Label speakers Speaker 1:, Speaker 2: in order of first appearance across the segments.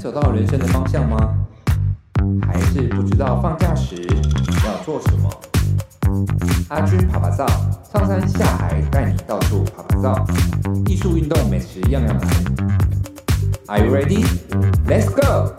Speaker 1: 走到人生的方向嗎？還是不知道放假時要做什麼？阿軍啪啪照，上山下海帶你到處啪啪照，藝術、運動、美食樣樣行 Are you ready? Let's go!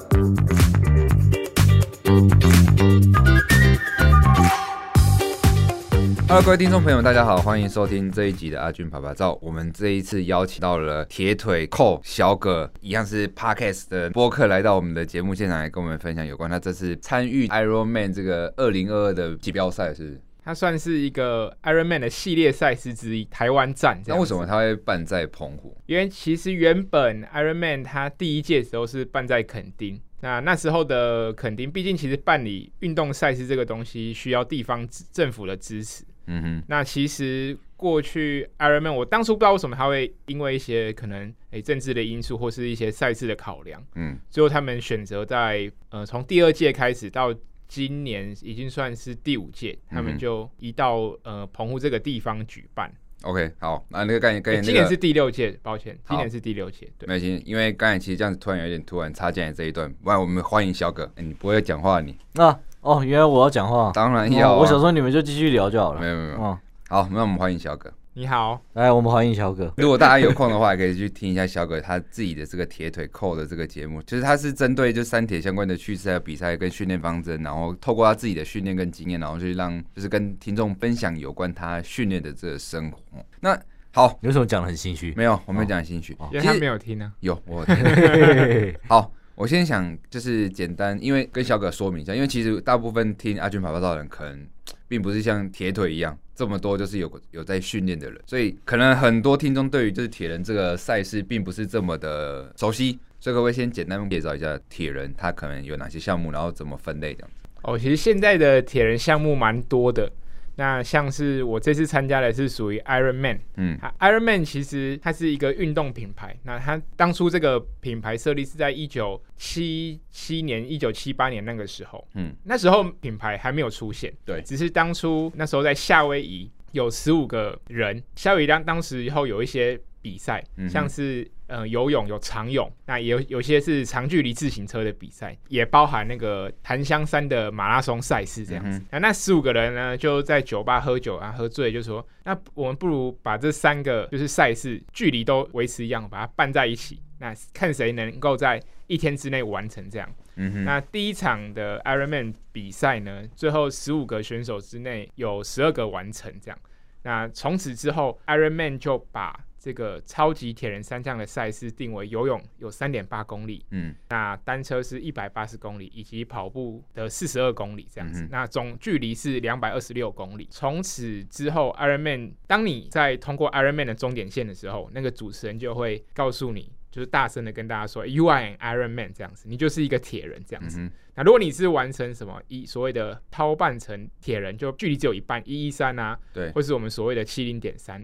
Speaker 1: 各位聽眾朋友們，大家好，歡迎收聽這一集的阿軍啪啪照。我們這一次邀請到了鐵腿 KO 小葛，一樣是 Podcast 的播客，來到我們的節目現場，來跟我們分享有關他這次參與 Iron Man 這個二零二二的錦標賽。是，是，
Speaker 2: 他算是一個 Iron Man 的系列賽事之一，台灣站。那為什麼他會辦在澎湖？因為其實原本 Iron Man 它第一屆時候是辦在墾丁，那那時候的墾丁，畢竟其實辦理運動賽事這個東西，需要地方政府的支持。嗯哼，那其實過去 Ironman，我當初不知道為什麼他會因為一些可能誒政治的因素或是一些賽事的考量，嗯，最後他們選擇在呃從第二屆開始到今年已經算是第五屆，嗯，他們就一到呃澎湖這個地方舉辦。
Speaker 1: OK，好，那個，那個概念概念。今年是第
Speaker 2: 六屆，抱歉，今年是第六屆。沒
Speaker 1: 關係，因為剛才其實這樣子突然有點突然插進來這一段，不然我們歡迎小葛，欸，你不會講話你？
Speaker 3: 啊。哦，原來我要講話，當
Speaker 1: 然要、啊哦。我想說你們就繼續聊就好了。沒有沒有，沒有哦，好，那我們歡迎小葛。你好。來，我們歡迎小葛。如果大家有空的話， 也可以去聽一下小葛他自己的這個鐵腿 KO 的這個節目。其、就、實、是、他是針對就三鐵相關的趣事還有比賽跟訓練方針，然後透過他自己的訓練跟經驗，然後去讓就是跟聽眾分享有關他訓練的這個生活。那好，有什麼講的很興趣？沒有，我沒有講興趣、哦哦，原來他沒有聽
Speaker 2: 啊。有我聽。
Speaker 1: 好。我先想就是簡單，因為跟小葛說明一下，因為其實大部分聽阿軍啪啪照的人，可能並不是像鐵腿一樣這麼多，就是有有在訓練的人，所以可能很多聽眾對於就是鐵人這個賽事並不是這麼的熟悉，所以可不可以先簡單介紹一下鐵人他可能有哪些項目，然後怎麼分類
Speaker 2: 這樣。哦，其實現在的鐵人項目蠻多的。那像是我這次參加的是屬於 Iron Man，嗯，啊，Iron Man 其實它是一個運動品牌。那它當初這個品牌設立是在一九七七年，一九七八年那個時候，嗯，那時候品牌還沒有出現，對，只是當初那時候在夏威夷有十五個人，夏威夷當當時以後有一些比賽，嗯，像是。呃，游泳有長泳，那也有有些是長距離自行車的比賽，也包含那個檀香山的馬拉松賽事這樣子。嗯啊、那那十五個人呢，就在酒吧喝酒啊，喝醉就說，那我們不如把這三個就是賽事距離都維持一樣，把它辦在一起，那看誰能夠在一天之內完成這樣，嗯。那第一場的 Ironman 比賽呢，最後十五個選手之內有十二個完成這樣。那從此之後，Ironman 就把這個超級鐵人三項的賽事定為游泳有三點八公里，嗯，那單車是一百八十公里，以及跑步的四十二公里這樣子，嗯、那總距離是兩百二十六公里。從此之後，Iron Man，當你在通過 Iron Man 的終點線的時候，那個主持人就會告訴你，就是大聲的跟大家說，You are an Iron Man 這樣子，你就是一個鐵人這樣子。嗯、那如果你是完成什麼一所謂的跑半程鐵人，就距離只有一半一一三啊，對，或是我們所謂的七零點三。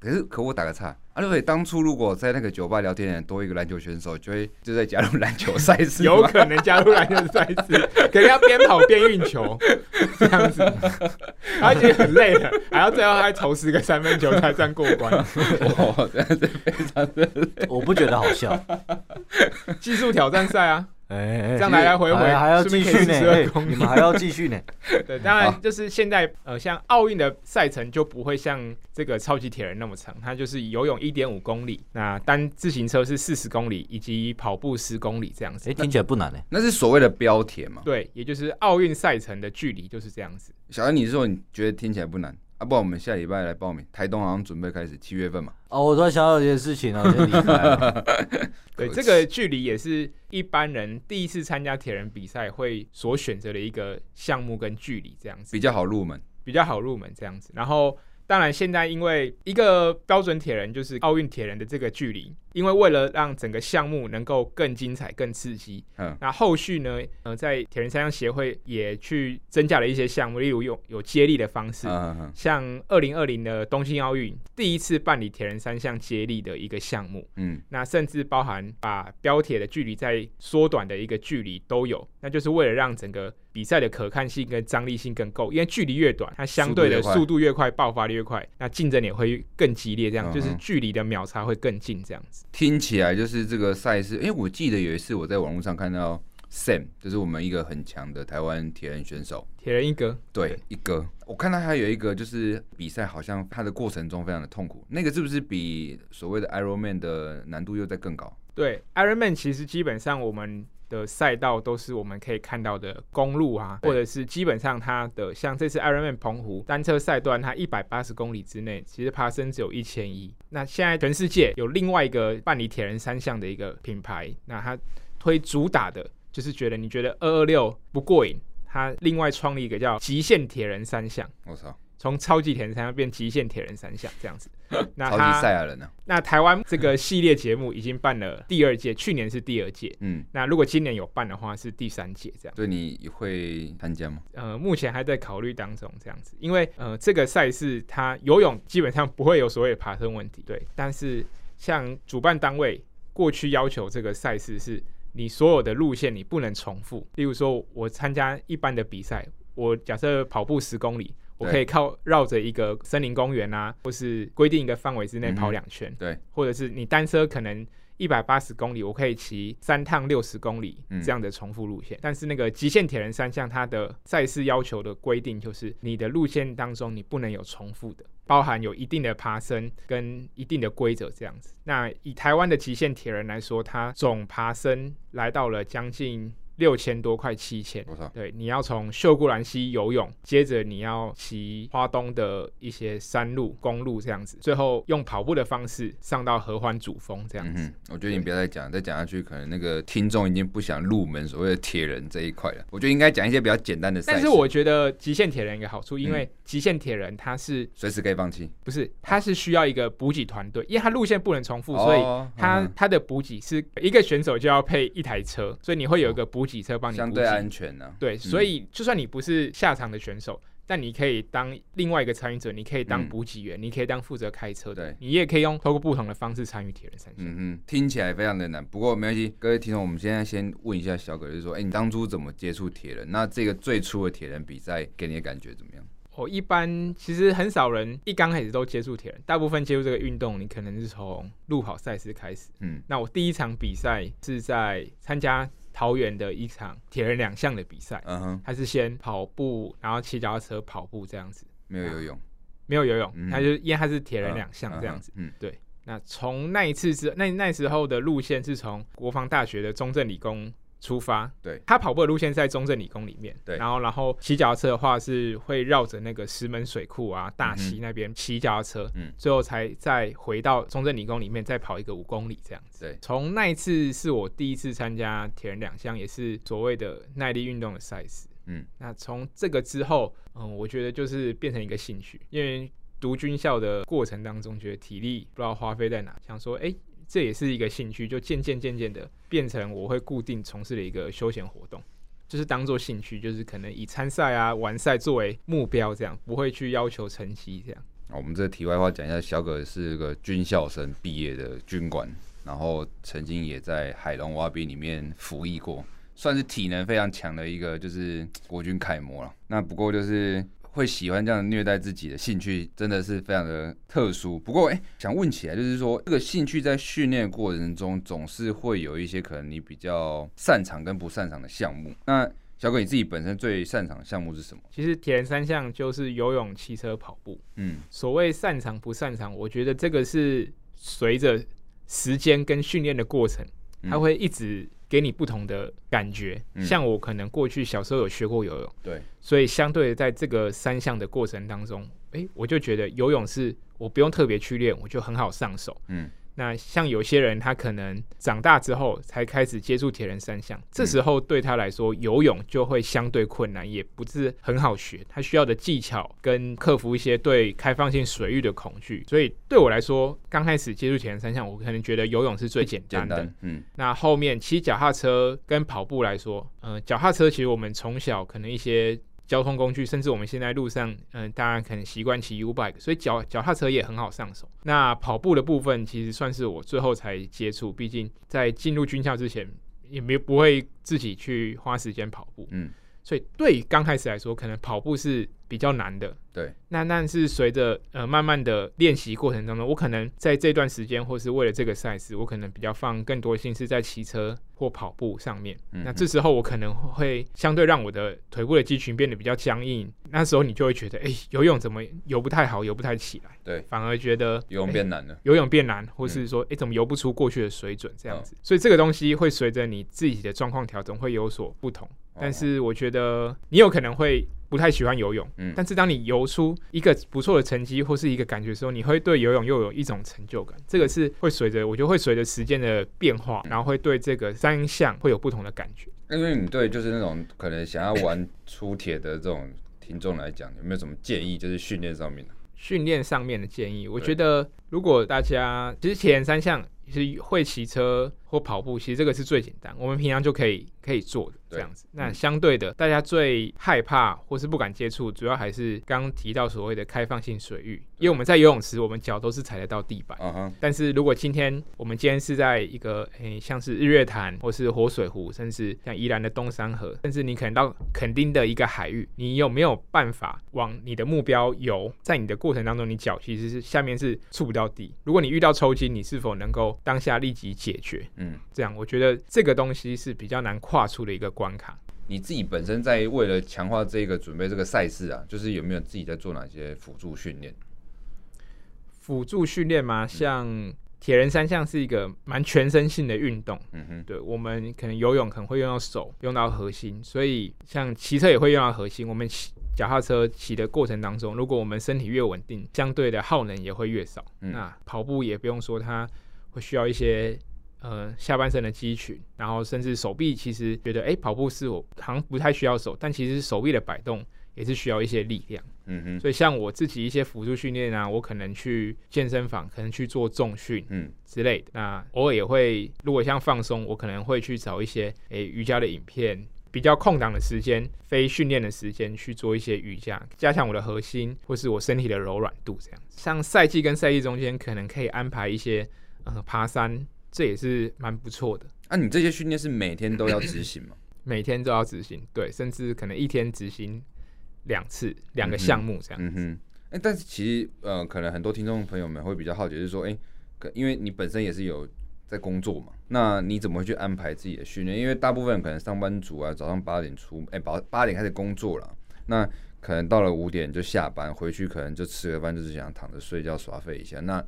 Speaker 1: 可是，可我打個岔，阿、啊、瑞，當初如果在那個酒吧聊天多一個籃球選手，就會就在加入籃球賽事，有可
Speaker 2: 能加入籃球賽事，
Speaker 1: 肯 定要邊跑邊運球
Speaker 2: 這樣子，他 已、啊、且很累的，還、啊、要最後還投十個三分球才算過關。 我真的是非常的，我不覺得好笑， 技術挑戰賽啊。哎、欸欸欸，這樣來來回回還要繼續呢、欸欸，你們還要繼續呢、欸。 對，當然就是現在呃，像奧運的賽程就不會像這個超級鐵人那麼長，它就是游泳一點五公里，那單自行車是四十公里，以及跑步十公里這樣子。哎、欸，聽起來不難呢、欸。那是所謂的標鐵嘛。對，也就是奧運賽程的距離就是這樣子。小葛，你說你覺得聽起來不難？啊，不然我們下禮拜
Speaker 1: 來報名。台東好像準備開始七月份嘛。
Speaker 3: 哦，我突然想到
Speaker 1: 有些事情啊
Speaker 2: 對，這個距離也是一般人第一次參加鐵人比賽會所選擇的一個項目跟距離這樣子，比較好入門，比較好入門這樣子。然後，當然現在因為一個標準鐵人就是奧運鐵人的這個距離。因為為了讓整個項目能夠更精彩、更刺激，嗯、啊，那後續呢，呃，在鐵人三項協會也去增加了一些項目，例如用有，有接力的方式，啊啊啊像二零二零的東京奧運第一次辦理鐵人三項接力的一個項目，嗯，那甚至包含把標鐵的距離再縮短的一個距離都有，那就是為了讓整個比賽的可看性跟張力性更夠，因為距離越短，它相對的速度越快，越快爆發力越快，那競爭也會更激烈，這樣啊啊就是距離的秒差會更近，這樣子。
Speaker 1: 聽起來就是這個賽事。哎、欸，我記得有一次我在網絡上看到 Sam，就是我們一個很強的台灣鐵人選手，鐵人一哥對。對，一哥，我看到他有一個就是比賽，好像他的過程中非常的痛苦。那個是不是比所謂的 Iron Man 的難度又再更高？
Speaker 2: 對，Iron Man 其實基本上我們。的賽道都是我們可以看到的公路啊，或者是基本上它的像這次 Ironman 澎湖單車賽段，它一百八十公里之內，其實爬升只有一千一。那現在全世界有另外一個辦理鐵人三項的一個品牌，那它推主打的，就是覺得你覺得二二六不過癮，它另外創立一個叫極限鐵人三項。我操！從超級鐵人三項變極限鐵人三項這樣子， 那他賽亞人呢、啊？那台灣這個系列節目已經辦了第二屆， 去年是第二屆。嗯，那如果今年有辦的話，是第三屆這樣
Speaker 1: 子。對，你會參加嗎？
Speaker 2: 呃，目前還在考慮當中這樣子，因為呃，這個賽事它游泳基本上不會有所謂爬升問題，對。但是像主辦單位過去要求這個賽事是你所有的路線你不能重複，例如說我參加一般的比賽，我假設跑步十公里。我可以靠繞着一個森林公園啊，或是規定一個範圍之內跑兩圈，嗯、對，或者是你單車可能一百八十公里，我可以騎三趟六十公里這樣的重複路線。嗯、但是那個極限鐵人三項它的賽事要求的規定就是，你的路線當中你不能有重複的，包含有一定的爬升跟一定的規則這樣子。那以台灣的極限鐵人來說，它總爬升來到了將近。六千多塊，七千，對，你要從秀姑巒溪游泳，接着你要騎花東的一些山路、公路這樣子，最後用跑步的方式上到合歡主峰這樣子。
Speaker 1: 嗯，我覺得你不要再講，再講下去，可能那個聽眾已經不想入門所謂的鐵人這一塊了。我覺得應該講一些比
Speaker 2: 較簡單的賽事。但是我覺得極限鐵人一個好處，因為，嗯。極限鐵人，他是隨時可以放棄，不是，他是需要一個補給團隊，因為他路線不能重複，所以他他的補給是一個選手就要配一台車，所以你會有一個補給車幫你，相對安全呢。對，所以就算你不是下場的選手，但你可以當另外一個參與者，你可以當補給員，你可以當負責開車，對你也可以用透過不同的方式參與鐵人三
Speaker 1: 項、哦。嗯哼，聽起來非常的難，不過沒關係，各位聽眾，我們現在先問一下小葛，就是說，哎、欸，你當初怎麼接觸鐵人？那這個最初的鐵人比賽給你的感覺怎麼樣？
Speaker 2: 我一般其實很少人一剛開始都接觸鐵人，大部分接觸這個運動，你可能是從路跑賽事開始。嗯，那我第一場比賽是在參加桃園的一場鐵人兩項的比賽。嗯哼，他是先跑步，然後騎腳踏車跑步這樣子。
Speaker 1: 沒有游泳，
Speaker 2: 啊、沒有游泳，他、嗯、就因為他是鐵人兩項這樣子。嗯，嗯對。那從那一次是那那時候的路線是從國防大學的中正理工。出發，對，他跑步的路線是在中正理工裡面，對，然後然後騎腳踏車的話是會繞着那個石門水庫啊、大溪那邊騎腳踏車，嗯，最後才再回到中正理工裡面，再跑一個五公里這樣子。從那一次是我第一次參加鐵人兩項，也是所謂的耐力運動的賽事，嗯，那從這個之後，嗯，我覺得就是變成一個興趣，因為讀軍校的過程當中，覺得體力不知道花費在哪，想說哎。欸這也是一個興趣，就漸漸漸漸的變成我會固定從事的一個休閒活動，就是當做興趣，就是可能以參賽啊、完賽作為目標，這樣不會去要求成績這樣、
Speaker 1: 啊。我們這題外話講一下，小葛是一個軍校生畢業的軍官，然後曾經也在海龍蛙兵裡面服役過，算是體能非常強的一個，就是國軍楷模了。那不過就是。會喜歡這樣虐待自己的興趣，真的是非常的特殊。不過，哎，想問起來，就是說這個興趣在訓練的過程中，總是會有一些可能你比較擅長跟不擅長的項目。那小葛你自己本身最擅長的項目是什麼？
Speaker 2: 其實鐵人三項就是游泳、騎車、跑步。嗯，所謂擅長不擅長，我覺得這個是隨着時間跟訓練的過程，它會一直。給你不同的感覺，嗯，像我可能過去小時候有學過游泳，對，所以相對在這個三項的過程當中，誒、欸，我就覺得游泳是我不用特別去練，我就很好上手，嗯。那像有些人，他可能長大之後才開始接觸鐵人三項，這時候對他來說，游泳就會相對困難，也不是很好學。他需要的技巧跟克服一些對開放性水域的恐懼。所以對我來說，剛開始接觸鐵人三項，我可能覺得游泳是最簡單的。嗯，那後面騎腳踏車跟跑步來說，嗯，腳踏車其實我們從小可能一些。交通工具，甚至我們現在路上，嗯、呃，大家可能習慣騎 U bike，所以腳腳踏車也很好上手。那跑步的部分，其實算是我最後才接觸，畢竟在進入軍校之前，也沒不會自己去花時間跑步。嗯。所以，對於剛開始來說，可能跑步是比較難的。對，那但是隨着呃慢慢的練習過程當中，我可能在這段時間或是為了這個賽事，我可能比較放更多心思在騎車或跑步上面，嗯。那這時候我可能會相對讓我的腿部的肌群變得比較僵硬。那時候你就會覺得，哎、欸，游泳怎麼游不太好，游不太起來。對，反而覺得游泳變難了、欸。游泳變難，或是說，哎、嗯欸，怎麼游不出過去的水準這樣子。所以這個東西會隨着你自己的狀況調整會有所不同。但是我覺得你有可能會不太喜歡游泳，嗯，但是當你游出一個不錯的成績或是一個感覺的時候，你會對游泳又有一種成就感。這個是會隨着，我覺得會隨着時間的變化，然後會對這個三項會有不同的感覺。
Speaker 1: 那對你對就是那種可能想要玩出鐵的這種聽眾來講， 有沒有什麼建議？就是訓練上面的
Speaker 2: 訓練上面的建議，我覺得如果大家其實前三項是會騎車或跑步，其實這個是最簡單，我們平常就可以可以做的。這樣子，那相對的、嗯，大家最害怕或是不敢接觸，主要還是剛提到所謂的開放性水域。因為我們在游泳池，我們腳都是踩得到地板。嗯嗯。但是如果今天我們今天是在一個誒、欸、像是日月潭或是活水湖，甚至像宜蘭的冬山河，甚至你可能到墾丁的一個海域，你有沒有辦法往你的目標游？在你的過程當中，你腳其實是下面是觸不到底。如果你遇到抽筋，你是否能夠當下立即解決？嗯，這樣我覺得這個東西是比較難跨出的一個關卡，
Speaker 1: 你自己本身在為了強化這個準備這個賽事啊，就是有沒有自己在做哪些輔助訓練？
Speaker 2: 輔助訓練嘛，像鐵人三項是一個蠻全身性的運動，嗯哼，對，我們可能游泳可能會用到手，用到核心，所以像騎車也會用到核心。我們騎腳踏車騎的過程當中，如果我們身體越穩定，相對的耗能也會越少，嗯。那跑步也不用說，它會需要一些。呃，下半身的肌群，然後甚至手臂，其實覺得哎、欸，跑步是我好像不太需要手，但其實手臂的擺動也是需要一些力量。嗯嗯。所以像我自己一些輔助訓練啊，我可能去健身房，可能去做重訓，嗯之類的。嗯、那偶爾也會，如果像放鬆，我可能會去找一些誒、欸、瑜伽的影片，比較空檔的時間、非訓練的時間去做一些瑜伽，加強我的核心或是我身體的柔軟度這樣子。像賽季跟賽季中間，可能可以安排一些呃爬山。這也是蠻不錯的。那、啊、你這些訓練是每天都要執行嗎？ 每天都要執行，對，甚至可能一天執行兩次，兩個項目這樣。嗯哼。哎、嗯
Speaker 1: 欸，但是其實呃，可能很多聽眾朋友們會比較好奇，就是說，哎、欸，可因為你本身也是有在工作嘛，那你怎麼會去安排自己的訓練？因為大部分人可能上班族啊，早上八點出，哎、欸，八八點開始工作了，那可能到了五點就下班，回去可能就吃個飯，就是想躺着睡覺耍廢一下，那。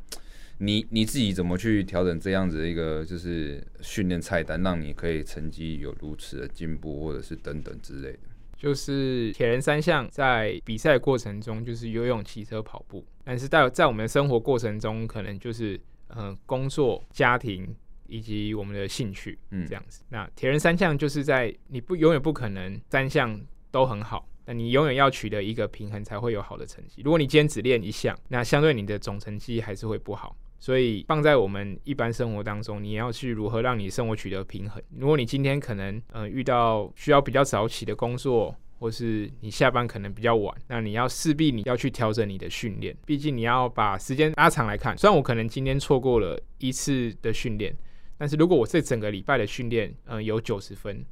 Speaker 1: 你你自己怎麼去調整這樣子的一個就是訓練菜單，讓你可以成績有如此的進步，或者是等等之類的。
Speaker 2: 就是鐵人三項在比賽過程中就是游泳、騎車、跑步，但是在在我們的生活過程中，可能就是呃工作、家庭以及我們的興趣，嗯，這樣子。嗯，那鐵人三項就是在你不永遠不可能三項都很好，那你永遠要取得一個平衡，才會有好的成績。如果你今天只練一項，那相對你的總成績還是會不好。所以放在我們一般生活當中，你要去如何讓你生活取得平衡？如果你今天可能嗯、呃、遇到需要比較早起的工作，或是你下班可能比較晚，那你要勢必你要去調整你的訓練，畢竟你要把時間拉長來看。雖然我可能今天錯過了一次的訓練，但是如果我這整個禮拜的訓練嗯有九十分。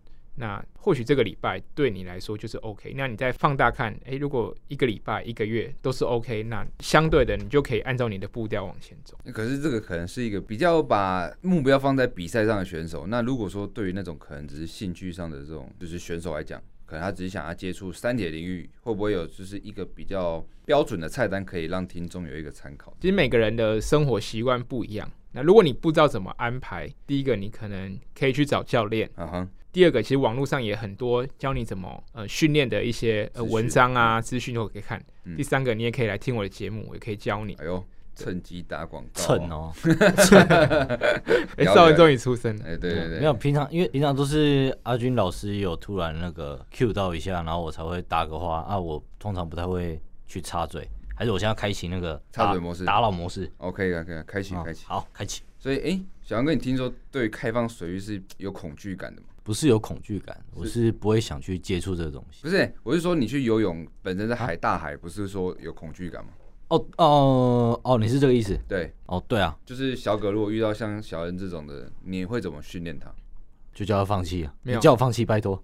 Speaker 2: 那或許這個禮拜對你來說就是 OK。那你再放大看，欸、如果一個禮拜、一個月都是 OK，那相對的你就可以按照你的步調往前走。
Speaker 1: 可是這個可能是一個比較把目標放在比賽上的選手。那如果說對於那種可能只是興趣上的這種就是選手來講，可能他只是想要接觸
Speaker 2: 三鐵領域，會不會有就是一個比較標準的菜單可以讓聽眾有一個參考？其實每個人的生活習慣不一樣。那如果你不知道怎麼安排，第一個你可能可以去找教練。嗯哼。第二個，其實網絡上也很多教你怎麼呃訓練的一些呃文章啊資訊都可以看。嗯、第三個，你也可以來聽我的節目，我也可以教你。哎呦，趁機打廣告，趁哦、喔。哎、 欸，少文終於出聲。哎、欸，對對
Speaker 3: 對，嗯、沒有平常，因為平常都是阿軍老師有突然那個 cue 到一下，然後我才會搭個話啊。我通常不太會去插嘴，還是我現在開啟那個插嘴模式，打
Speaker 1: 擾模式。OK o、okay, k 開啟，開啟、啊，好，開啟。所以，哎、欸，小葛哥，你聽說對開放水域是有恐懼感的嗎？
Speaker 3: 不是有恐懼感，我是不會想去接觸這個東西。是不是、
Speaker 1: 欸，我是說你去游泳，本身在海、啊、大海，不是說有恐懼感嗎？
Speaker 3: 哦，哦，哦，你是這個意思？對，哦，對啊，
Speaker 1: 就是小葛，如果遇到像小恩這種的，你會怎麼訓練他？就叫他放棄、啊，
Speaker 3: 你叫我放棄，拜託。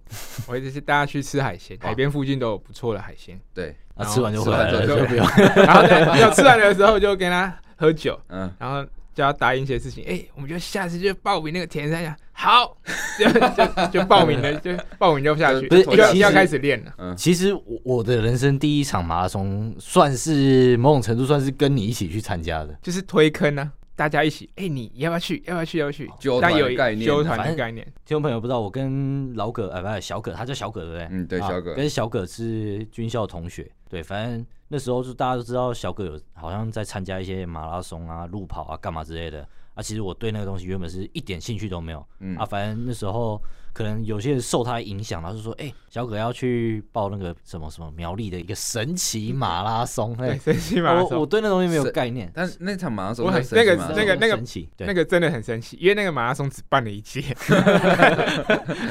Speaker 2: 我一直是帶他去吃海鮮、啊，海邊附近都有不錯的海鮮。對，他吃完就回來，了就就來，就不用。 然後就， 然後，就 然後吃完的時候就跟他喝酒，嗯，然後叫他答應一些事情。哎、欸，我們就下次就報名那個甜。山下。好，就就就報, 就報名了，就報名就下去，一定要開始練了、嗯。
Speaker 3: 其實我的人生第一場馬拉松，算是某種程度算是跟你一起去參加的，
Speaker 2: 就是推坑啊，大家一起，哎、欸，你要不要去？要不要去？要不要去？哦、但有概念，揪團的概念。概
Speaker 3: 念聽眾朋友不知道，我跟老葛啊、哎，不是，小葛，他叫小葛對不對？嗯，對，小葛、啊、跟小葛是軍校同學，對，反正那時候就大家都知道小葛有好像在參加一些馬拉松啊、路跑啊、幹嘛之類的。啊，其實我對那個東西原本是一點興趣都沒有。嗯，啊，反正那時候可能有些人受他的影響，然後就說：“哎、欸，小葛要去報那個什麼什麼苗栗的一個神奇馬拉松。嗯”哎，神奇馬拉松。我，我對那東西沒有概念，
Speaker 1: 但是那場
Speaker 2: 馬拉松，神奇馬拉松我，那個那個那個神奇，那個真的很神奇，因為那個馬拉松只辦了一屆。哈哈哈，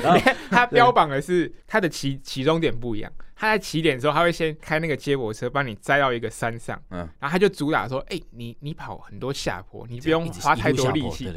Speaker 2: 然後他標榜的是他的起起終點不一樣。他在起點的時候，他會先開那個接駁車幫你載到一個山上，嗯，然後他就主打說：“哎、欸，你你跑很多下坡，你不用花太多力氣。這”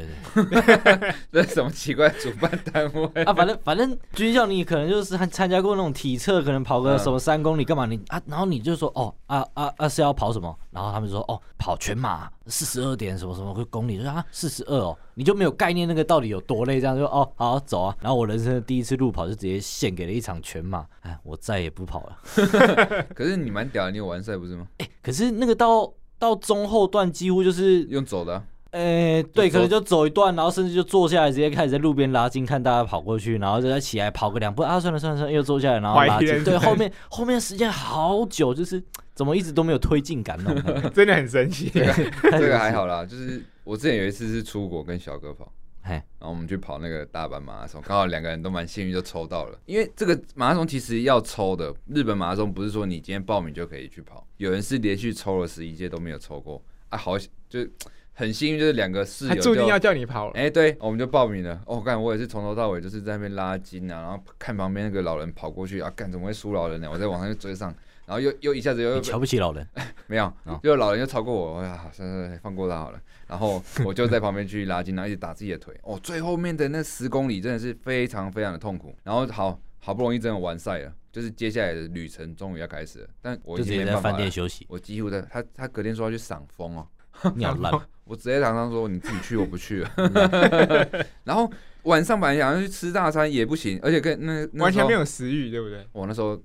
Speaker 2: 對對對 這是什麼奇
Speaker 3: 怪主辦單位啊？反正反正軍校你可能就是還參加過那種體測，可能跑個什麼三公里幹嘛你？你、嗯、啊，然後你就說：“哦，啊啊啊，是要跑什麼？”然後他們就說：“哦，跑全馬四十二點什麼什麼公里。”就說、是、啊，四十二哦。你就沒有概念那個到底有多累？這樣就哦，好走啊。然後我人生的第一次路跑就直接獻給了一場全馬，哎，我再也不跑了。 可是你蠻屌的，你有完賽不是嗎？哎、欸，可是那個到到中後段幾乎就是用走的、啊。哎、欸，對，可能就走一段，然後甚至就坐下來，直接開始在路邊拉筋，看大家跑過去，然後就再起來跑個兩步啊，算了算了算了，又坐下來，然後拉筋。對，後面後面時間好久，就是怎麼一直都沒有推進感呢？感覺 真的很神奇。 這個還好啦，
Speaker 1: 就是。我之前有一次是出國跟小葛跑，嘿，然後我們去跑那個大阪馬拉松，剛好兩個人都蠻幸運就抽到了。因為這個馬拉松其實要抽的，日本馬拉松不是說你今天報名就可以去跑，有人是連續抽了十一屆都沒有抽過，啊好，就很幸運就是兩個室友注定要叫你跑了，哎、欸、對，我們就報名了。哦幹，我也是從頭到尾就是在那邊拉筋啊，然後看旁邊那個老人跑過去啊幹怎麼會輸老人呢？我再往上去追上。然後又又一下子又又瞧不起老人，沒有，然後就老人又超過我，哎呀，算了算了，放過他好了。然後我就在旁邊去拉筋， 然後一直打自己的腿。哦，最後面的那十公里真的是非常非常的痛苦。然後好好不容易真的完賽了，就是接下來的旅程終於要開始了。但我就直接在飯店休息。我幾乎在他他隔天說要去賞楓哦， 你好爛！ 我直接常常說你自己去，我不去了。 然後晚上本來想要去吃大餐也不行，而且跟那，那完全沒有食欲，對不對？我那時候。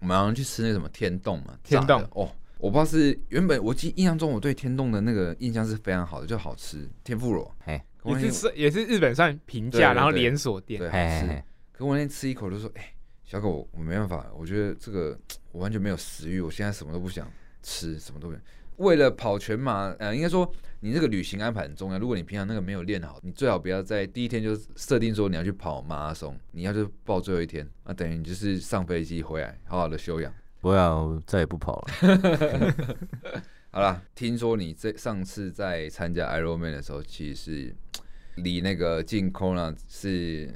Speaker 1: 我們好像去吃那什麼天丼嘛，天丼哦，我不知道是原本我記印象中我對天丼的那個印象是非常好的，就好吃天婦羅，哎，也是
Speaker 2: 也是日本算平價然後連鎖店，對，好吃。
Speaker 1: 可我那天吃一口就說，哎、欸，小狗我我沒辦法，我覺得這個我完全沒有食慾，我現在什麼都不想吃，什麼都沒有。為了跑全馬，呃，應該說你這個旅行安排很重要。如果你平常那個沒有練好，你最好不要在第一天就設定說你要去跑馬拉松，你要去報最後一天，那、啊、等於你就是上飛機回來好好的休養，不要、啊、再也不跑了。 好啦，聽說你這上次在參加 Ironman 的時候，其實離那個進 Kona 呢是。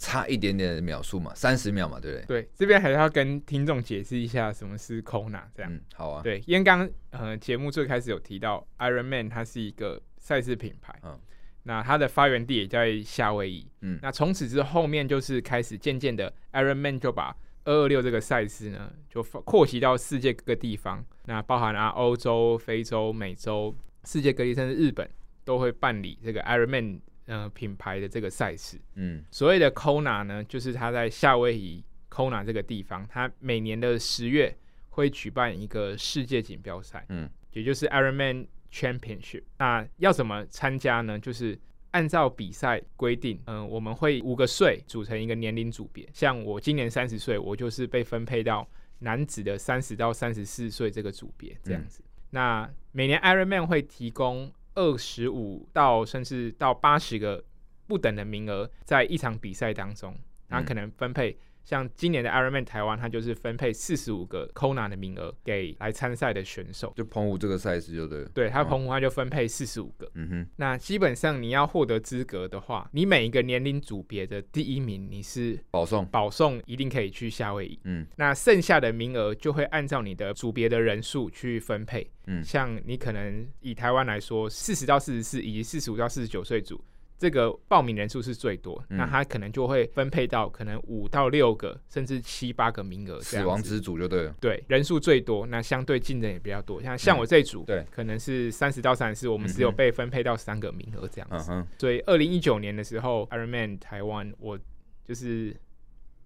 Speaker 1: 差一點點的秒數嘛，三十秒嘛，對不
Speaker 2: 對？對，這邊還是要跟聽眾解釋一下什麼是 Kona，這樣、嗯。好啊。對，因為剛呃節目最開始有提到，Iron Man 它是一個賽事品牌，嗯，那它的發源地也在夏威夷，嗯，那從此之後面就是開始漸漸的，Iron Man 就把二二六這個賽事呢就擴及到世界各個地方，那包含了、啊、歐洲、非洲、美洲、世界各地，甚至日本都會辦理這個 Iron Man。呃，品牌的這個賽事，嗯，所謂的 Kona 呢，就是他在夏威夷 Kona 這個地方，他每年的十月會舉辦一個世界錦標賽，嗯，也就是 Ironman Championship。那要怎麼參加呢？就是按照比賽規定，嗯、呃，我們會五個歲組成一個年齡組別，像我今年三十歲，我就是被分配到男子的三十到三十四歲這個組別，這樣子、嗯。那每年 Ironman 會提供。二十五到甚至到八十個不等的名額，在一場比賽當中，他、嗯、可能分配。像今年的 Ironman 台灣，它就是分配四十五個 Kona 的名額給來參賽的選手。就澎湖這個賽事，就對，對，它澎湖它就分配四十五個、哦。嗯哼，那基本上你要獲得資格的話，你每一個年齡組別的第一名，你是保送，保送，保送一定可以去夏威夷。嗯，那剩下的名額就會按照你的組別的人數去分配。嗯，像你可能以台灣來說，四十到四十四以及四十五到四十九歲組。這個報名人數是最多、嗯，那他可能就會分配到可能五到六個，甚至七八個名額。死亡之組就對了。對，人數最多，那相對競爭也比較多。像像我這組、嗯，對，可能是三十到三十四，我們只有被分配到三個名額這樣子。嗯嗯所以二零一九年的時候，Iron Man 台灣，我就是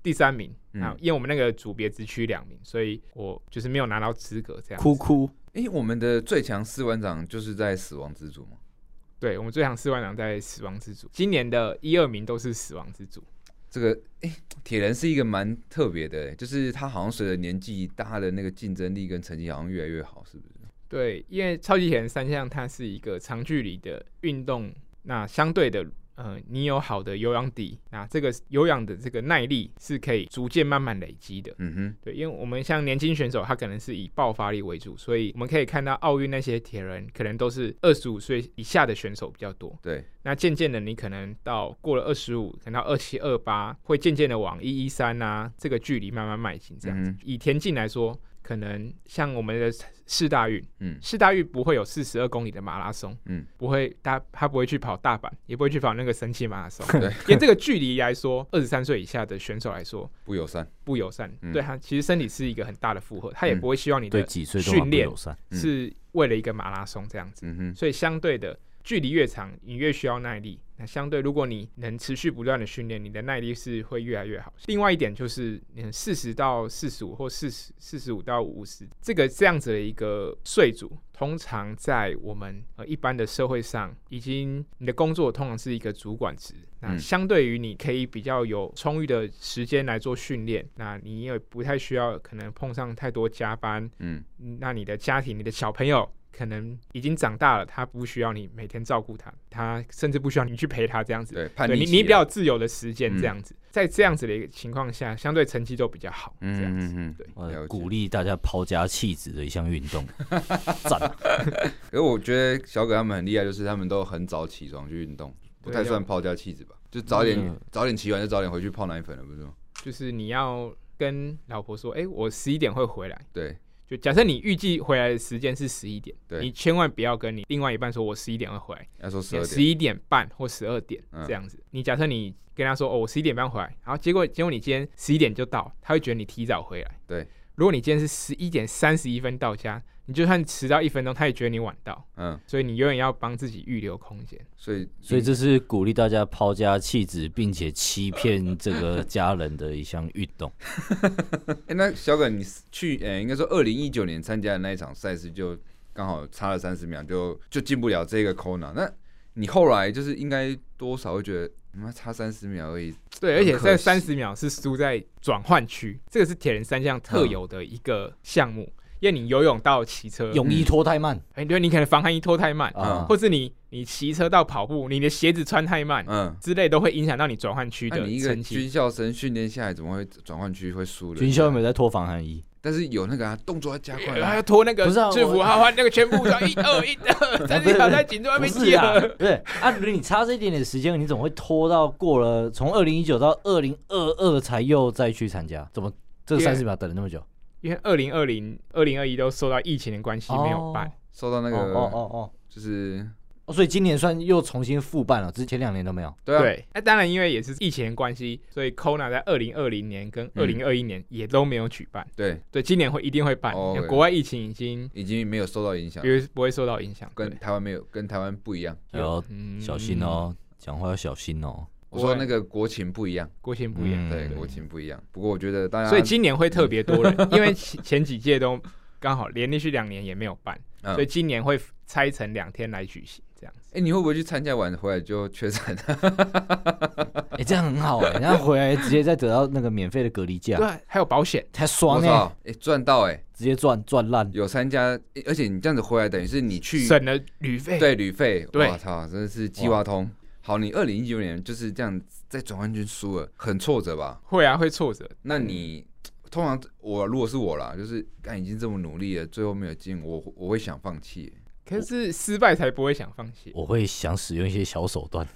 Speaker 2: 第三名。啊、嗯，因為我們那個組別只取兩名，所以我就是沒有拿到資格這樣。哭哭。哎、欸，我們的最強士官長就是在死亡之組嘛對，我們最強四萬兩在死亡之組，今年的一二名都是死亡之組。
Speaker 1: 這個誒，鐵、欸、人是一個蠻特別的、欸，就是他好像隨着年紀大的那個競爭力跟成績好像越來越好，是不是？
Speaker 2: 對，因為超級鐵人三項它是一個長距離的運動，那相對的。嗯、呃，你有好的有氧底，那這個有氧的這個耐力是可以逐漸慢慢累積的。嗯哼，對，因為我們像年輕選手，他可能是以爆發力為主，所以我們可以看到奧運那些鐵人，可能都是二十五歲以下的選手比較多。對，那漸漸的，你可能到過了二十五，可能到二七二八，會漸漸的往一一三啊這個距離慢慢邁進這樣子。嗯、以田徑來說。可能像我們的世大運，嗯，世大運不會有四十二公里的馬拉松，嗯，不會，他，他不會去跑大阪，也不會去跑那個神奇馬拉松。對， 因為這個距離來說，二十三歲以下的選手來說，不友善，不友善。嗯、對，他其實身體是一個很大的負荷，他也不會希望你的幾歲訓練是為了一個馬拉松這樣子，嗯、哼，所以相對的。距離越長，你越需要耐力。那相對，如果你能持續不斷的訓練，你的耐力是會越來越好。另外一點就是，四十到四十五，或四十、四十五到五十，這個這樣子的一個歲組，通常在我們呃一般的社會上，已經你的工作通常是一個主管職。那相對於你可以比較有充裕的時間來做訓練，那你也不太需要可能碰上太多加班。嗯，那你的家庭，你的小朋友。可能已經長大了，他不需要你每天照顧他，他甚至不需要你去陪他這樣子。對，對你你比較自由的時間這樣子，嗯，在這樣子的一個情況下，相對成績都比較好
Speaker 1: 這樣子。嗯，嗯嗯嗯。對，鼓勵大家拋家棄子的一項運動，讚 讚、啊。因為 我覺得小葛他們很厲害，就是他們都很早起床去運動，不太算拋家棄子吧？就早點、啊、早點起床就早點回去泡奶粉了，不是嗎？
Speaker 2: 就是你要跟老婆說，哎、欸，我十一點會回來。對。就假設你預計回來的時間是十一點，對，你千萬不要跟你另外一半說“我十一點會回來”，要說是十一點半或十二點這樣子。嗯、你假設你跟他說“哦，我十一點半回來”，然後結果結果你今天十一點就到，他會覺得你提早回來。對，如果你今天是十一點三十一分到家，你就算遲到一分鐘，他也覺得你晚到。嗯，所以你永遠要幫自己預留空間。所以，所以這是
Speaker 3: 鼓勵大家拋家棄子，並且
Speaker 1: 欺騙這個家人的一項運動。
Speaker 2: 哎、 欸，那小葛，你
Speaker 1: 去，呃、欸，應該說二零一九年參加的那一場賽事，就剛好差了三十秒，就就進不了這個 Kona。那你後來就是應該多少會覺得，差三十秒而已。
Speaker 2: 對，而且在三十秒是輸在轉換區，這個是鐵人三項特有的一個項目。嗯因為你游泳到騎車，泳衣脫太慢，哎，對，你可能防寒衣脫太慢，啊、嗯，或是你你騎車到跑步，你的鞋子穿太慢，嗯，之類都會影響到你轉換區的成績。啊、你一個軍
Speaker 1: 校生訓練下來，怎麼會轉換區會輸了。軍校有沒有在脫防寒衣，嗯？但是有那個、啊、動
Speaker 2: 作要加快，還、啊、要脫那個不是制服，啊，換那個全部裝一二一二，三十秒在警隊外面集合。不，是不，是不，是
Speaker 3: 不，是不是啊，啊啊啊 啊、你差這一點點時間，你怎麼會拖到過了？從二零一九到二零二二才又再去參加，怎麼這三十秒等了那麼久？Yeah.
Speaker 2: 因為二零二零、二零二一都受到疫情的關係沒有辦、哦，受到那個哦哦哦，就
Speaker 1: 是，
Speaker 3: 所以今年算又重新復辦了，之前兩年都沒有。對啊，啊、欸。
Speaker 2: 當然因為也是疫情的關係，所以 Kona 在二零二零年跟二零二一年，嗯，也都沒有舉辦。對，對，今年會一定會辦。哦，因為國外
Speaker 1: 疫情已經已經沒有受
Speaker 2: 到影響，嗯，不會受到影響，跟
Speaker 1: 台灣沒有，跟台灣不一樣，要小心哦，喔，講、嗯、話要小心哦，喔。我說那個國情不一樣，國情不一樣，對，國情不一樣。不過我覺得大家，所以今年會特別多人，嗯、 因為
Speaker 2: 前幾屆都剛好連連續兩年也沒有辦、嗯，所以今年會拆成兩天來舉行這樣
Speaker 1: 子。哎，你會不會去參加完回來就確診？哎， 這樣很好哎、欸，然後回來直接再
Speaker 3: 得到那個免費的隔離假對、
Speaker 1: 啊，還有保險，太爽了！哎，賺到哎、欸，直接賺賺爛。有參加，而且你這樣子回來，等於是你去省了旅費，對，旅費。我操，真的是計劃通。好，你二零一九年就是這樣在轉換區輸了，很挫折吧？會啊，會挫折。那你通常我如果是我啦，就是哎、啊，已經這麼努力了，最後沒有進，我我會想放棄。
Speaker 2: 可是失敗才不會想放棄。我會
Speaker 1: 想使用一些小手段，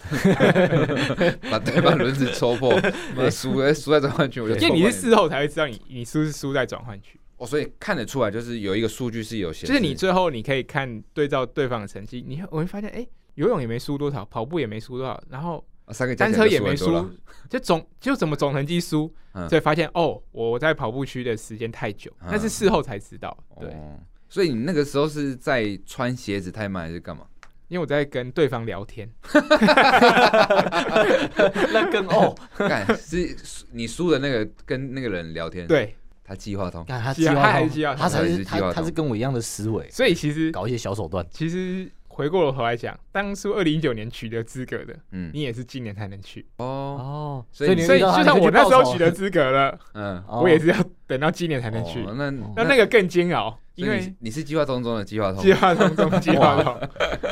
Speaker 3: 把對方輪子戳破。輸了輸在轉換區，我就因為你是事後
Speaker 2: 才會知道你，你你輸是輸在轉換區。哦，所以看得出來，就是有一個數據是有顯示，就是你最後你可以看對照對方的成績，你我會發現哎。欸游泳也沒輸多少，跑步也沒輸多少，然後單車也沒輸，就總就怎麼總成績輸，嗯、所以發現哦，我在跑步區的時間太久，那是事後才知道。
Speaker 1: 對、
Speaker 2: 哦，所以你那個時候是在穿鞋子太慢還是幹嘛？
Speaker 1: 因為我在跟對方聊天，
Speaker 4: 那更 哦
Speaker 1: 是你輸的那個跟那個人聊天，對，他計，他計劃通，
Speaker 4: 他
Speaker 3: 還是計劃通，他是他，他是
Speaker 2: 跟我一樣的思維，所以其實搞一些小手段，其實。回過頭來講，當初二零一九年取得資格的，嗯，你也是今年才能去哦哦，所以你所以，你你以就算我那時候取得資格了，嗯、哦，我也是要等到今年才能去、哦。那那那個更煎熬，因為你是計劃通中的計劃通，計劃通中的計劃通，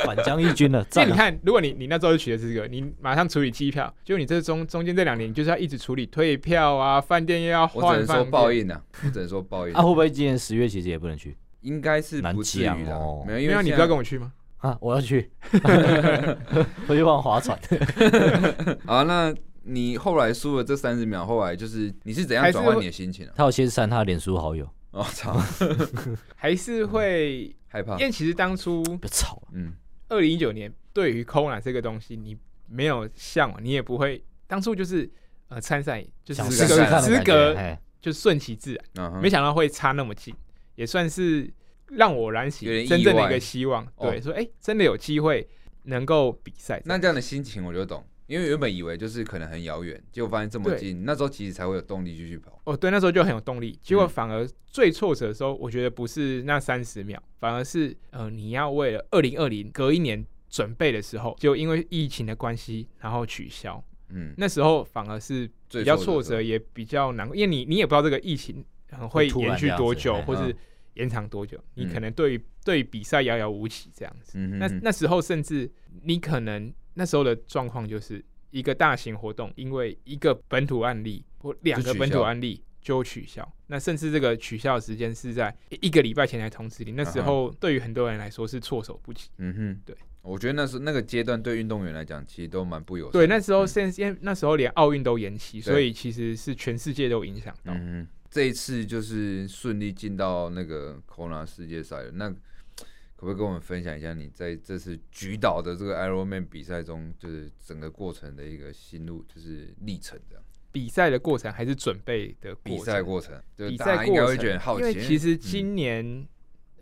Speaker 2: 反將一軍了、啊。所以你看，如果你你那時候取得資格，你馬上處理機票，就你這中中間這兩年你就是要一直處理退票啊，飯店又要換飯店，只能說報應的、
Speaker 1: 啊 啊，只能說報
Speaker 2: 應。啊，會
Speaker 3: 不會今年十月其實也不能去？應該是蠻不至於、啊、哦，沒有、啊，沒有，你不要跟我去嗎？我要去 回去幫我划船 好、啊。
Speaker 1: 好，那你後來輸了這三十秒，後來就是你是怎樣轉換你的心情呢？啊、
Speaker 3: 他有先刪他臉書好友。我、哦、操，
Speaker 2: 還是會、嗯、害怕，因為其實當初
Speaker 3: 別
Speaker 1: 吵
Speaker 2: 了、啊。嗯，二零一九年對於 Kona 這個東西，你沒有嚮往，你也不會。當初就是呃參賽，就是資格，資格就順其自然、嗯。沒想到會差那麼近，也算是。讓我燃起真正的一個希望，對，哦、說哎、欸，真的有機會能夠比賽。那這樣的心情我就懂，因為原本以為就是可能很遙遠，結果發現這麼近。那時候其實才會有動力繼續跑。哦，對，那時候就很有動力。結果反而最挫折的時候，嗯、我覺得不是那三十秒，反而是呃，你要為了二零二零隔一年準備的時候，就因為疫情的關係，然後取消。嗯，那時候反而是比較挫折，也比較難過，因為你你也不知道這個疫情很會延續多久，或是。延長多久？你可能對於、嗯、對比賽遙遙無期這樣子。嗯、哼哼，那那時候甚至你可能那時候的狀況就是一個大型活動，因為一個本土案例或兩個本土案例就取，就取消。那甚至這個取消的時間是在一個禮拜前來通知你。那時候對於很多人來說是措手不及。嗯哼。
Speaker 1: 對，我覺得那時那個階段對運動員來講其實都蠻不友善。對，
Speaker 2: 那時候甚至、嗯、那時候連奧運都延期，所以其實是全世界都影響
Speaker 1: 到。嗯。這一次就是順利進到那個 Kona 世界賽了。那可不可以跟我們分享一下，你在這次舉島的這個 Ironman 比賽中，就是整個過程的一個心路，就是歷
Speaker 2: 程這樣？比賽的過程還是準備的過程？比賽過程一一，比賽過程，因為其實今年、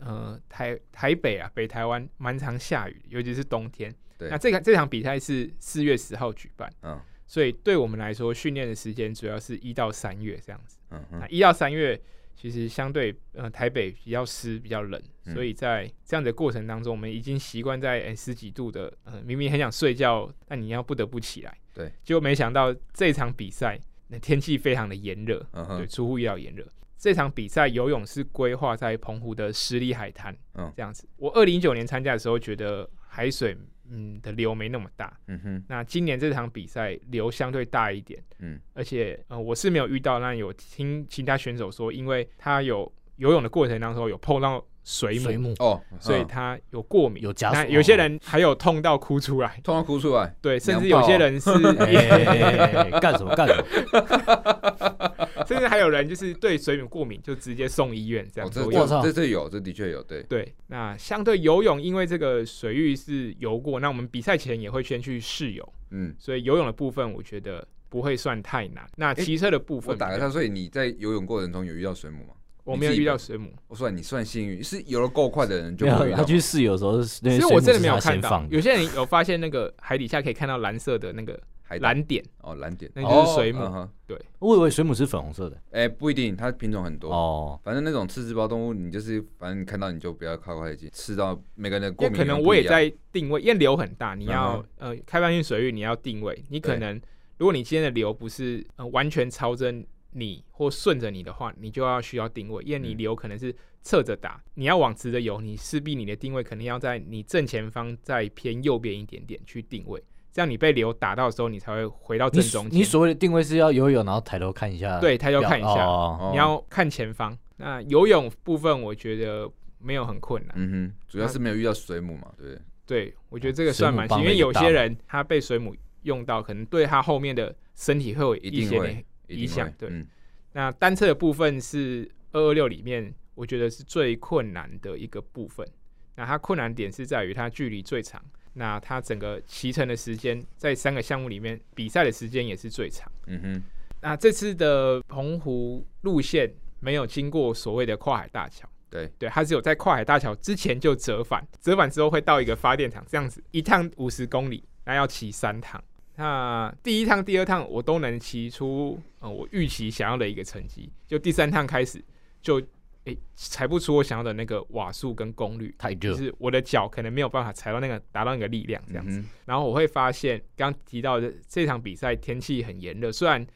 Speaker 2: 嗯、呃台台北啊，北台灣蠻常下雨，尤其是冬天。對，那這個這場比賽是四月十號舉辦，嗯，所以對我們來說，訓練的時間主要是一到三月這樣子。嗯、uh -huh.，那一到三月其實相對呃台北比較濕比較冷，所以在這樣的過程當中，嗯、我們已經習慣在十幾度的、呃，明明很想睡覺，但你要不得不起來。對，就沒想到這場比賽那天氣非常的炎熱，uh -huh. 對，出乎意料炎熱。這場比賽游泳是規劃在澎湖的十里海灘，嗯、uh -huh.，這樣子。我二零一九年參加的時候，覺得海水，嗯，的流沒那麼大。嗯哼，那今年這場比賽流相對大一點。嗯，而且呃，我是沒有遇到，那有聽其他選手說，因為他有游泳的過程當中有碰到水母，水母哦，oh, 所以他有過敏，有、嗯、加。那有些人還有痛到哭出來，痛到哭出來。對，甚至有些人是幹什麼幹什麼。 甚至還有人就是對水母過敏，就直接送醫院這樣。我我操，這這
Speaker 1: 有，這的確有，對。對，
Speaker 2: 那相對游泳，因為這個水域是游過，那我們比賽前也會先去試游，嗯，所以游泳的部分我覺得不會算太難。那騎車的部分，我打個岔，所以
Speaker 1: 你在游泳過程中有遇到水母嗎？我沒有遇到水母，我算你算幸運，是游的夠快的人就會遇到。他去
Speaker 2: 試游的時候，所以我真的沒有看到，有些人有發現那個海底下可以看到藍色的那個。藍點哦，藍點，那個、就是水母、哦。
Speaker 1: 對，我以為水母是粉紅色的。哎、欸，不一定，它品種很多哦。反正那種刺胞動物，你就是反正看到你就不要靠太近。刺到每個人的過敏。可能我也在
Speaker 2: 定位，因為流很，為流很大，你要、嗯、呃開放性水域你要定位。你可能如果你今天的流不是、呃、完全朝著你或順着你的話，你就要需要定位，因為你流可能是側着打、嗯，你要往直的游，你勢必你的定位肯定要在你正前方再偏右邊一點點去定位。這樣你被流打到的時候，你才會回到正中間。你所謂的
Speaker 3: 定位是要游泳，然後抬頭看一下。對，抬頭看一下，哦哦哦哦，你要
Speaker 2: 看前方。哦哦，那游泳部分，我覺得沒有很困難。嗯哼，主要是沒有遇到水母嘛。對對，我覺得這個算蠻幸運。因為有些人他被水母用到，可能對他後面的身體會有一些影響。嗯。對。那單車的部分是二二六裡面，我覺得是最困難的一個部分。那它困難點是在於它距離最長。那他整個騎乘的時間，在三個項目裡面，比賽的時間也是最長。嗯哼。那這次的澎湖路線沒有經過所謂的跨海大橋。對。對，他只有在跨海大橋之前就折返，折返之後會到一個發電廠，這樣子一趟五十公里，那要騎三趟。那第一趟、第二趟我都能騎出，呃，我預期想要的一個成績，就第三趟開始就。欸，踩不出我想要的那個瓦數跟功率，太熱，就是我的腳可能沒有辦法踩到那個達到那個力量這樣子。嗯、然後我會發現，剛提到的這場比賽天氣很炎熱，雖然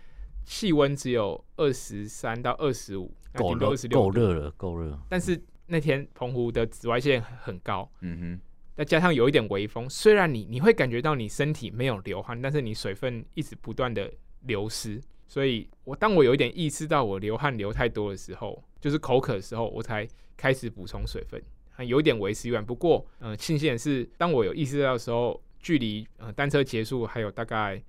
Speaker 2: 氣溫只有二十三到二十五，二十六度夠熱了，夠熱。但是那天澎湖的紫外線很高，嗯哼，再加上有一點微風，雖然你你會感覺到你身體沒有流汗，但是你水分一直不斷的流失。所以我當我有一點意識到我流汗流太多的時候。就是口渴的時候，我才開始補充水分，啊，有點為時已晚。不過，呃，慶幸的是，當我有意識到的時候，距離呃單車結束還有大概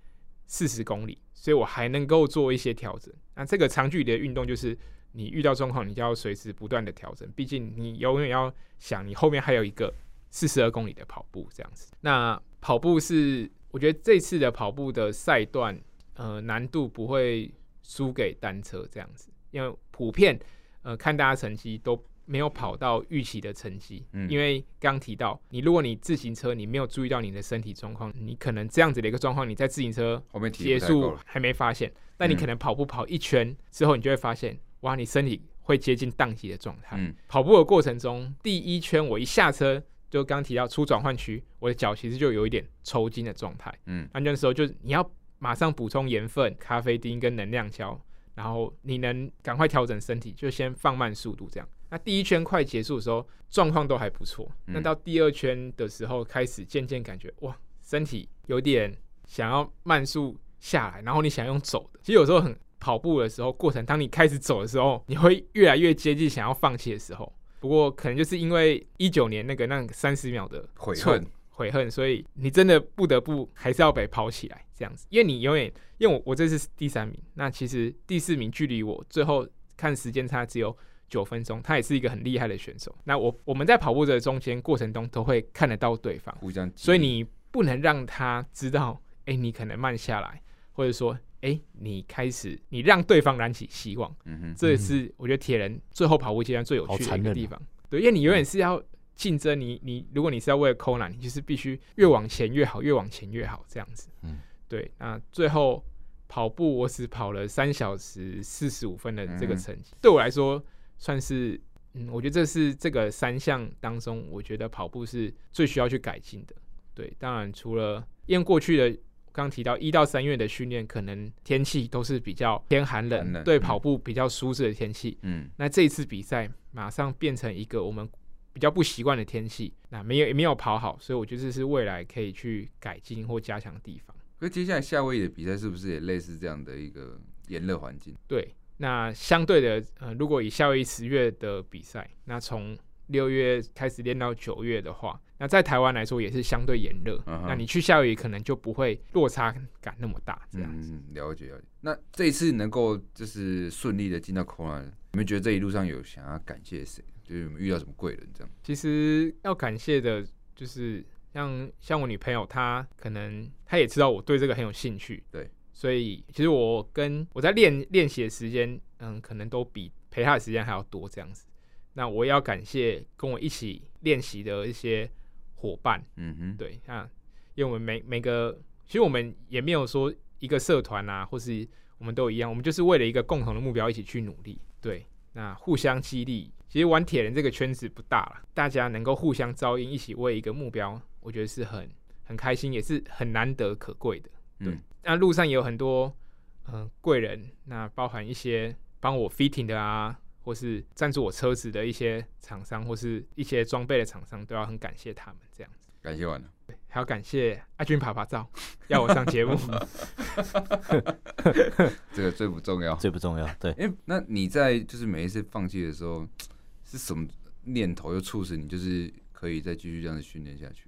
Speaker 2: 四十公里，所以我還能夠做一些調整。那這個長距離的運動，就是你遇到狀況，你就要隨時不斷的調整。畢竟，你永遠要想，你後面還有一個四十二公里的跑步這樣子。那跑步是，我覺得這次的跑步的賽段，呃，難度不會輸給單車這樣子，因為普遍。呃，看大家成績都沒有跑到預期的成績。嗯，因為剛提到你，如果你自行車你沒有注意到你的身體狀況，你可能這樣子的一個狀況，你在自行車結束還沒發現，那你可能跑步跑一圈，嗯，之後，你就會發現，哇，你身體會接近宕機的狀態。嗯。跑步的過程中，第一圈我一下車就剛提到出轉換區，我的腳其實就有一點抽筋的狀態。嗯，那這個時候就你要馬上補充鹽分、咖啡因跟能量膠。然後你能趕快調整身體，就先放慢速度這樣。那第一圈快結束的時候，狀況都還不錯，嗯。那到第二圈的時候，開始漸漸感覺哇，身體有點想要慢速下來。然後你想要用走的，其實有時候很跑步的時候，過程當你開始走的時候，你會越來越接近想要放棄的時候。不過可能就是因為一九年那個那三十秒的悔恨。悔恨，所以你真的不得不還是要被跑起來這樣子，因為你永遠，因為我我這是第三名，那其實第四名距離我最後看時間差只有九分鐘，他也是一個很厲害的選手。那我我們在跑步的中間過程中都會看得到對方，所以你不能讓他知道，誒，你可能慢下來，或者說，誒，你開始，你讓對方燃起希望。這也是我覺得鐵人最後跑步階段最有趣的一個地方，對，因為你永遠是要。競爭你，你你，如果你是要為了 Kona，你就是必須越往前越好，越往前越好這樣子。嗯，對，那最後跑步，我只跑了三小時四十五分的這個成績。嗯，對我來說算是嗯，我覺得這是這個三項當中，我覺得跑步是最需要去改進的。對，當然除了因為過去的剛提到一到三月的訓練，可能天氣都是比較偏寒冷，冷，冷，對跑步比較舒適的天氣。嗯，那這次比賽馬上變成一個我們。比較不習慣的天氣，那沒有也沒有跑好，所以我覺得這是未來可以去改進或加強的地方。
Speaker 1: 那接下來夏威夷的比賽是不是也類似這樣的一個炎熱環境？
Speaker 2: 對，那相對的，呃，如果以夏威夷十月的比賽，那從六月開始練到九月的話，那在台灣來說也是相對炎熱。Uh -huh. 那你去夏威夷可能就不會落差感那麼大，這樣子。嗯、了解了解。
Speaker 1: 那這一次能夠就是順利的進到 Kona，你們覺得這一路上有想要感謝誰？就遇到什麼貴人這樣，
Speaker 2: 其實要感謝的，就是像像我女朋友，她可能她也知道我對這個很有興趣，對，所以其實我跟我在練練習的時間，嗯，可能都比陪她的時間還要多這樣子。那我也要感謝跟我一起練習的一些夥伴，嗯哼，對啊，因為我們每每個，其實我們也沒有說一個社團啊，或是我們都一樣，我們就是為了一個共同的目標一起去努力，對，那互相激勵。其實玩鐵人這個圈子不大了，大家能夠互相照應，一起為一個目標，我覺得是很很開心，也是很難得可貴的。對、嗯、那路上也有很多嗯、呃、貴人，那包含一些幫我 fitting 的啊，或是贊助我車子的一些廠商，或是一些裝備的廠商，都要很感謝他們這樣子。感謝完了。對，還要感謝阿軍啪啪照要我上節目。
Speaker 1: 這個最不重要，最不重要。對。欸、那你在就是每一次放棄的時候。這是什麼念頭又促使你就是可以再繼續這樣子訓練下去？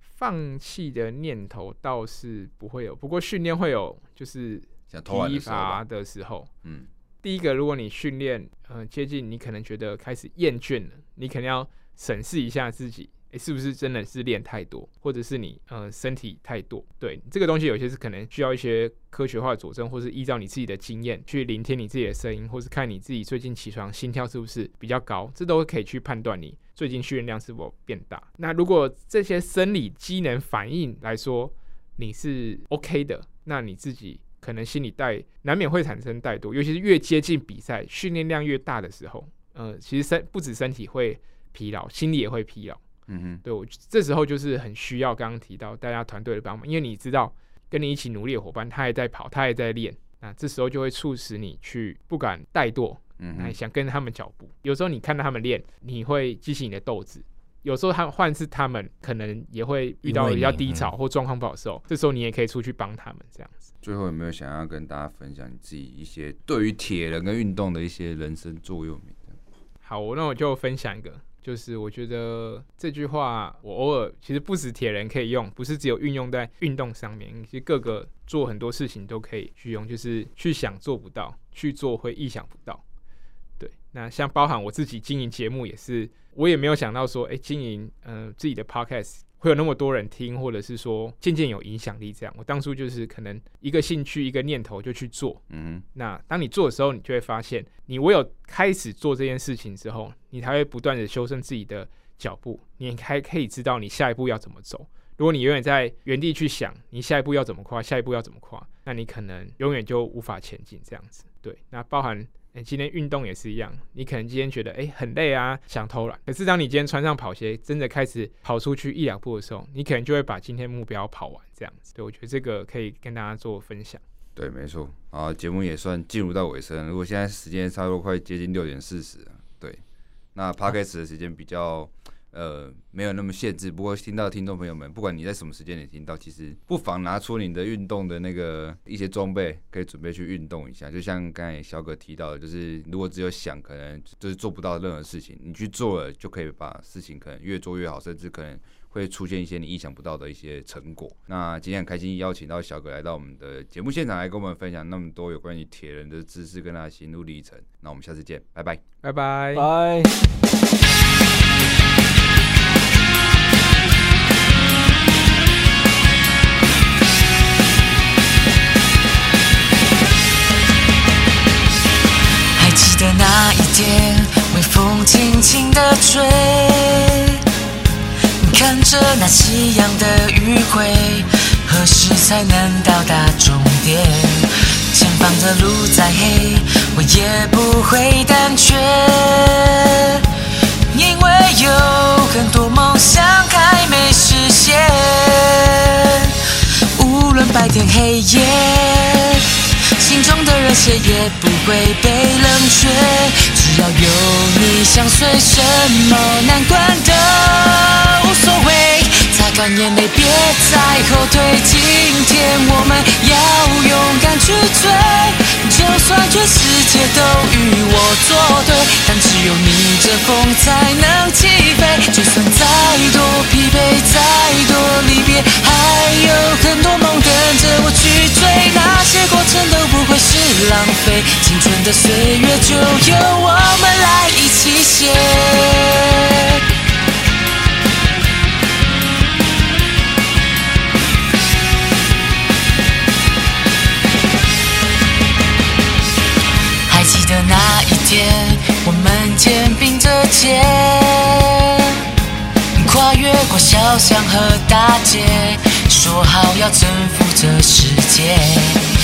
Speaker 2: 放棄的念頭倒是不會有，不過訓練會有，就是疲乏的時候、的時候。嗯，第一個，如果你訓練呃接近，你可能覺得開始厭倦了，你肯定要審視一下自己。是不是真的是練太多，或者是你呃身體太多？對，這個東西有些是可能需要一些科學化的佐證，或是依照你自己的經驗去聆聽你自己的聲音，或是看你自己最近起床心跳是不是比較高，這都可以去判斷你最近訓練量是否變大。那如果這些生理機能反應來說你是 OK 的，那你自己可能心理帶難免會產生怠惰，尤其是越接近比賽訓練量越大的時候，呃，其實身不止身體會疲勞，心理也會疲勞。嗯哼，對，我這時候就是很需要剛剛提到大家團隊的幫忙，因為你知道跟你一起努力的夥伴，他也在跑，他也在練，那這時候就會促使你去不敢怠惰，嗯，想跟着他們腳步。有時候你看到他們練，你會激起你的鬥志；有時候他換是他們，可能也會遇到比較低潮或狀況不好的時候，嗯嗯，這時候你也可以出去幫他們這樣子。
Speaker 1: 最後有沒有想要跟大家分享你自己一些對於鐵人跟運動的一些人生座右銘？好，
Speaker 2: 那我就分享一個。就是我覺得這句話啊，我偶爾其實不止鐵人可以用，不是只有運用在運動上面，其實各個做很多事情都可以去用。就是去想做不到，去做會意想不到。對，那像包含我自己經營節目也是，我也沒有想到說，哎、欸，經營嗯、呃、自己的 podcast。會有那麼多人聽，或者是說漸漸有影響力這樣。我當初就是可能一個興趣、一個念頭就去做。嗯、mm-hmm，那當你做的時候，你就會發現，你唯有開始做這件事情之後，你才會不斷的修正自己的腳步，你才可以知道你下一步要怎麼走。如果你永遠在原地去想你下一步要怎麼跨，下一步要怎麼跨，那你可能永遠就無法前進。這樣子，對。那包含。今天運動也是一樣，你可能今天覺得哎、欸、很累啊，想偷懶。可是當你今天穿上跑鞋，真的開始跑出去一兩步的時候，你可能就會把今天目標跑完這樣子。對，我覺得這個可以跟大家做分享。
Speaker 1: 對，沒錯啊，節目也算進入到尾聲。如果現在時間差不多快接近六點四十了，對，那 Podcast 的時間比較，啊呃，沒有那麼限制。不過聽到聽眾朋友們，不管你在什麼時間點聽到，其實不妨拿出你的運動的那個一些裝備，可以準備去運動一下。就像剛才小葛提到的，就是如果只有想，可能就是做不到任何事情。你去做了，就可以把事情可能越做越好，甚至可能會出現一些你意想不到的一些成果。那今天很開心邀請到小葛來到我們的節目現場，來跟我們分享那麼多有關於鐵人的知識跟他心路歷程。那我們下次見，拜拜，
Speaker 2: 拜拜，拜。
Speaker 4: 那一天，微風輕輕地吹，你看着那夕陽的餘暉，何時才能到達終點？前方的路再黑，我也不會膽怯，因為有很多夢想還沒實現，無論白天黑夜。心中的熱血也不會被冷卻，只要有你相隨，什麼難關都無所謂。擦乾眼淚，別再後退，今天我們要勇敢去追。就算全世界都與我作對，但只有逆着風才能起飛。就算再多疲憊，再多離別，還有很多夢等着我去追，那些過程都是浪費青春的歲月，就由我們來一起寫。還記得那一天，我們肩並着肩，跨越過小巷和大街，說好要征服這世界。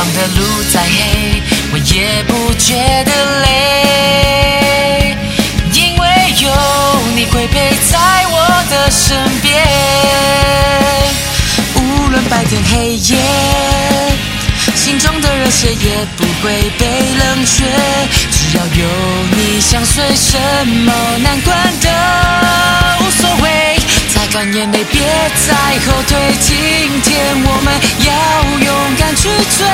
Speaker 4: 前方的路再黑，我也不覺得累，因為有你會陪在我的身邊。無論白天黑夜，心中的熱血也不會被冷卻，只要有你相隨，什麼難關都。擦乾眼淚別再後退，今天我們要勇敢去追。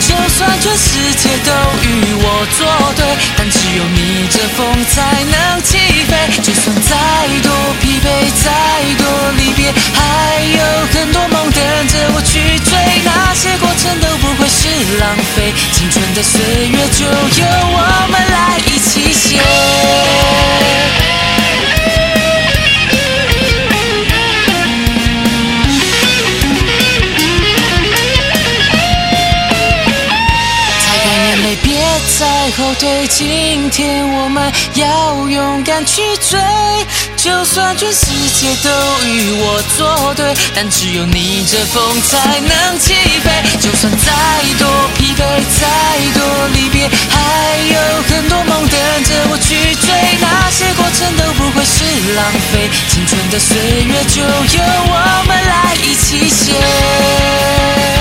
Speaker 4: 就算全世界都與我作對，但只有逆着風才能起飛。就算再多疲憊，再多離別，還有很多夢等着我去追。那些過程都不會是浪費，青春的歲月就由我們來一起寫。對，今天我們要勇敢去追，就算全世界都與我作對，但只有逆着風才能起飛。就算再多疲憊，再多離別，還有很多夢等着我去追，那些過程都不會是浪費，青春的歲月就由我們來一起寫。